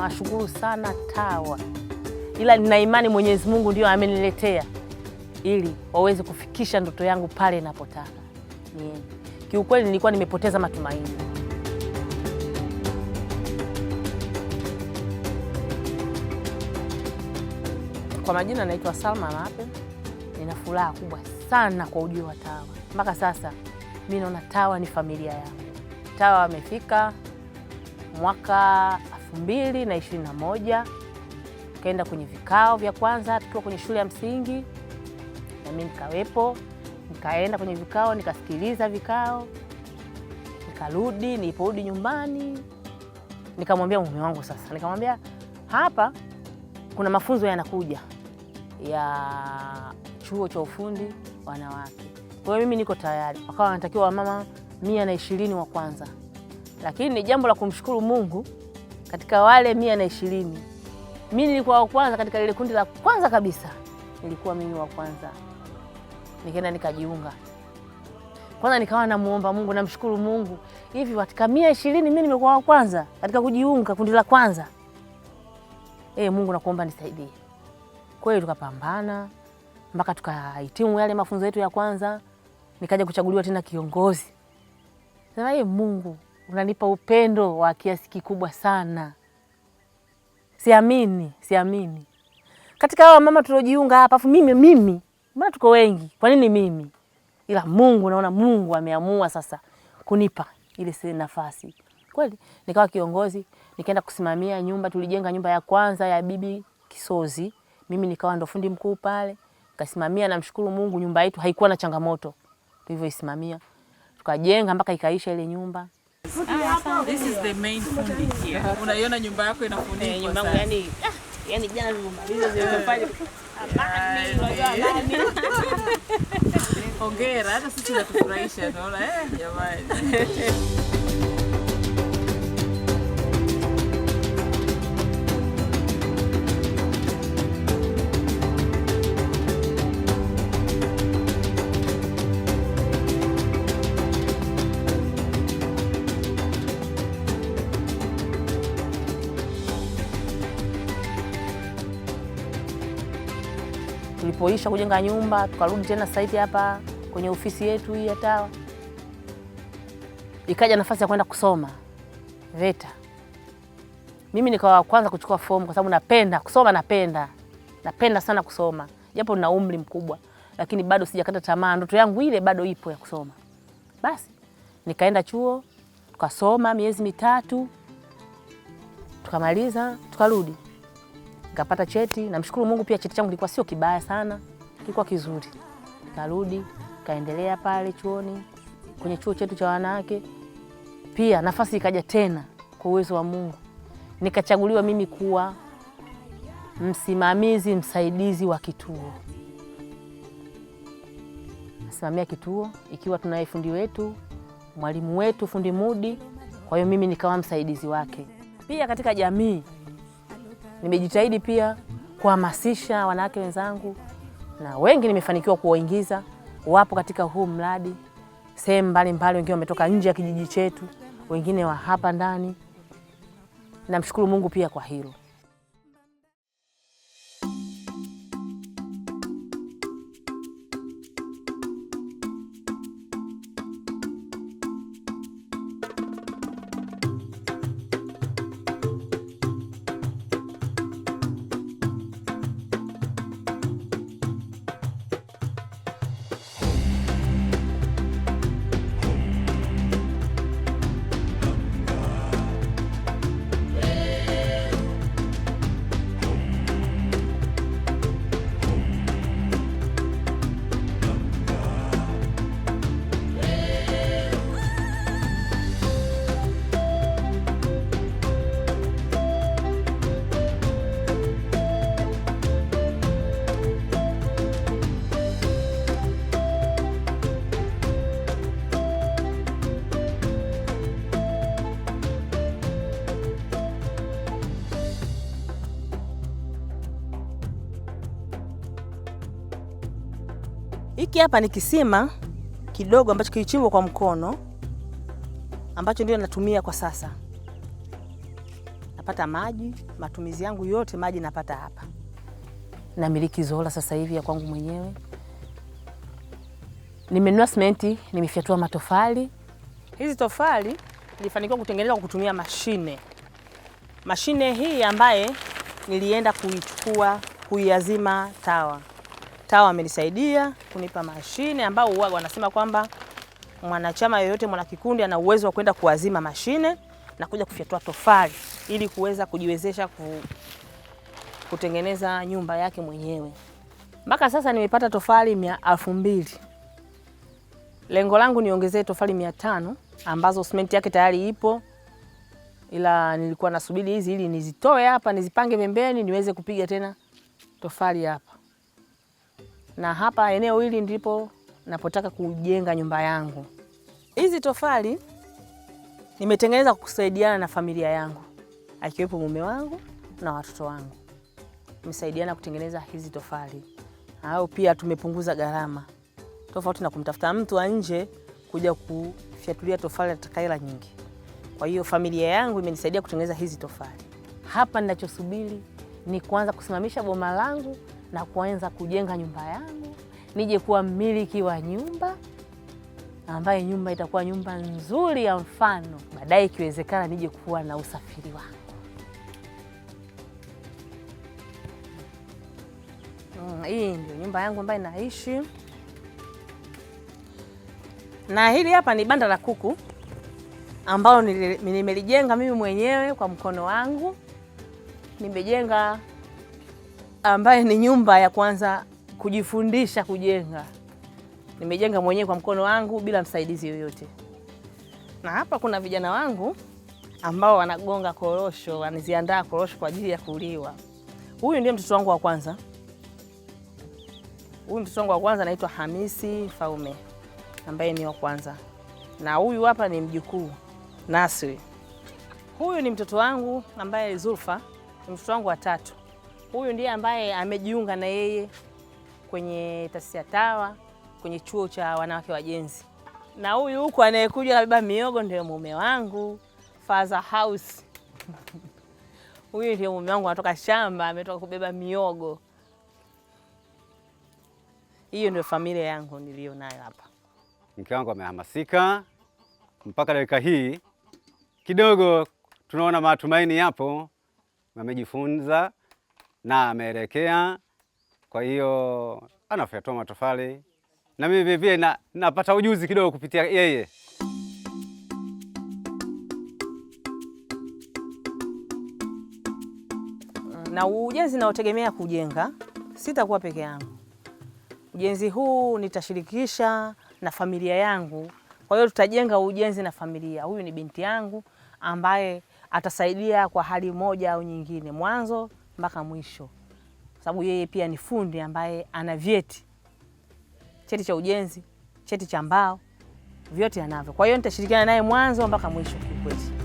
nawashukuru sana TAWA, ila nina imani Mwenyezi Mungu ndio ameniletea ili waweze kufikisha ndoto yangu pale inapotaka Kiukweli nilikuwa nimepoteza matumaini. Kwa majina naitwa Salma Mape. Nina furaha kubwa sana kwa ujio wa TAWA. Mpaka sasa mi naona TAWA ni familia yangu. TAWA amefika mwaka elfu mbili na ishirini na moja tukaenda kwenye vikao vya kwanza tukiwa kwenye shule ya msingi, na mimi nikawepo. Nikaenda kwenye vikao nikasikiliza vikao, nikarudi. Niliporudi nyumbani, nikamwambia mume wangu sasa, nikamwambia hapa kuna mafunzo yanakuja ya chuo cha ufundi wanawake, kwa hiyo mimi niko tayari. Wakawa wanatakiwa wamama mia na ishirini wa kwanza, lakini ni jambo la kumshukuru Mungu katika wale mia na ishirini mi nilikuwa wa kwanza katika lile kundi la kwanza kabisa, nilikuwa mimi wa kwanza. Nikaenda nikajiunga kwanza, nikawa namuomba Mungu, namshukuru Mungu, hivi katika mia ishirini mi nimekuwa wa kwanza katika kujiunga kundi la kwanza. E, Mungu nakuomba nisaidie. Kweli tukapambana mpaka tukahitimu yale mafunzo yetu ya kwanza, nikaja kuchaguliwa tena kiongozi. Sasa ye eh, Mungu unanipa upendo wa kiasi kikubwa sana. Siamini, siamini katika hawa mama tuliojiunga hapa, afu mimi mimi, mbona tuko wengi? Kwa nini mimi? Ila Mungu, naona Mungu ameamua sasa kunipa ile nafasi kweli. Nikawa kiongozi, nikaenda kusimamia nyumba. Tulijenga nyumba ya kwanza ya bibi Kisozi, mimi nikawa ndo fundi mkuu pale, nikasimamia. Namshukuru Mungu, nyumba yetu haikuwa na changamoto tulivyoisimamia, tukajenga mpaka ikaisha ile nyumba. Ah, this is the main fundi here. Unaiona nyumba yako inafunikwa eh, sasa. Yaani yaani jana Hongera, hata sisi tunakufurahisha, unaona eh, jamani. tulipoisha kujenga nyumba tukarudi tena saiti hapa kwenye ofisi yetu hii ya TAWA, ikaja nafasi ya kwenda kusoma VETA. Mimi nikawa kwanza kuchukua fomu kwa sababu napenda kusoma, napenda napenda sana kusoma, japo na umri mkubwa, lakini bado sijakata tamaa, ndoto yangu ile bado ipo ya kusoma. Basi nikaenda chuo tukasoma miezi mitatu tukamaliza tukarudi nikapata cheti. Namshukuru Mungu, pia cheti changu kilikuwa sio kibaya sana, kilikuwa kizuri. Nikarudi kaendelea pale chuoni, kwenye chuo chetu cha wanawake. Pia nafasi ikaja tena kwa uwezo wa Mungu, nikachaguliwa mimi kuwa msimamizi msaidizi wa kituo, simamia kituo ikiwa tunaye fundi wetu, mwalimu wetu fundi Mudi. Kwa hiyo mimi nikawa msaidizi wake. Pia katika jamii Nimejitahidi pia kuhamasisha wanawake wenzangu na wengi nimefanikiwa kuwaingiza, wapo katika huu mradi sehemu mbalimbali, wengine wametoka nje ya kijiji chetu, wengine wa hapa ndani. Namshukuru Mungu pia kwa hilo. Hiki hapa ni kisima kidogo ambacho kilichimbwa kwa mkono ambacho ndio natumia kwa sasa. Napata maji, matumizi yangu yote maji napata hapa. Namiliki zola sasa hivi ya kwangu mwenyewe. Nimenunua simenti, nimefyatua matofali. Hizi tofali nilifanikiwa kutengeneza kwa kutumia mashine. Mashine hii ambaye nilienda kuichukua kuiazima TAWA. TAWA amenisaidia kunipa mashine ambao uwaga wanasema kwamba mwanachama yoyote mwanakikundi ana uwezo wa kwenda kuwazima mashine na kuja kufyatua tofali ili kuweza kujiwezesha kutengeneza nyumba yake mwenyewe. Mpaka sasa nimepata tofali mia elfu mbili. Lengo langu niongezee tofali mia tano ambazo simenti yake tayari ipo, ila nilikuwa nasubiri hizi ili nizitoe hapa nizipange pembeni niweze kupiga tena tofali hapa na hapa eneo hili ndipo napotaka kujenga nyumba yangu. Hizi tofali nimetengeneza kusaidiana na familia yangu, akiwepo mume wangu na watoto wangu, tumesaidiana kutengeneza hizi tofali. Au pia tumepunguza gharama, tofauti na kumtafuta mtu wa nje kuja kufyatulia tofali atakaila nyingi. Kwa hiyo familia yangu imenisaidia kutengeneza hizi tofali. Hapa ninachosubiri ni kuanza kusimamisha boma langu na kuanza kujenga nyumba yangu, nije kuwa mmiliki wa nyumba ambaye nyumba itakuwa nyumba nzuri ya mfano, baadaye ikiwezekana nije kuwa na usafiri wangu. Mm, hii ndio nyumba yangu ambayo naishi, na hili hapa ni banda la kuku ambalo nimelijenga mimi mwenyewe kwa mkono wangu, nimejenga ambaye ni nyumba ya kwanza kujifundisha kujenga. Nimejenga mwenyewe kwa mkono wangu bila msaidizi yoyote, na hapa kuna vijana wangu ambao wanagonga korosho, wanaziandaa korosho kwa ajili ya kuliwa. Huyu ndiye mtoto wangu wa kwanza. Huyu mtoto wangu wa kwanza anaitwa Hamisi Faume ambaye ni wa kwanza, na huyu hapa ni mjukuu Nasri. Huyu ni mtoto wangu ambaye Zulfa, ni mtoto wangu wa tatu. Huyu ndiye ambaye amejiunga na yeye kwenye taasisi ya TAWA kwenye chuo cha wanawake wajenzi, na huyu huku anayekuja kabeba miogo ndio mume wangu Father House. Huyu ndio mume wangu, anatoka shamba, ametoka kubeba miogo. Hiyo ndio familia yangu niliyo nayo hapa. Mke wangu amehamasika mpaka dakika hii, kidogo tunaona matumaini yapo, amejifunza na ameelekea. Kwa hiyo anafyatua matofali na mimi vile vile na, napata ujuzi kidogo kupitia yeye. Na ujenzi naotegemea kujenga, sitakuwa peke yangu. Ujenzi huu nitashirikisha na familia yangu, kwa hiyo tutajenga ujenzi na familia. Huyu ni binti yangu ambaye atasaidia kwa hali moja au nyingine, mwanzo mpaka mwisho, sababu yeye pia ni fundi ambaye ana vyeti, cheti cha ujenzi, cheti cha mbao, vyote anavyo. Kwa hiyo nitashirikiana naye mwanzo mpaka mwisho kiukweli.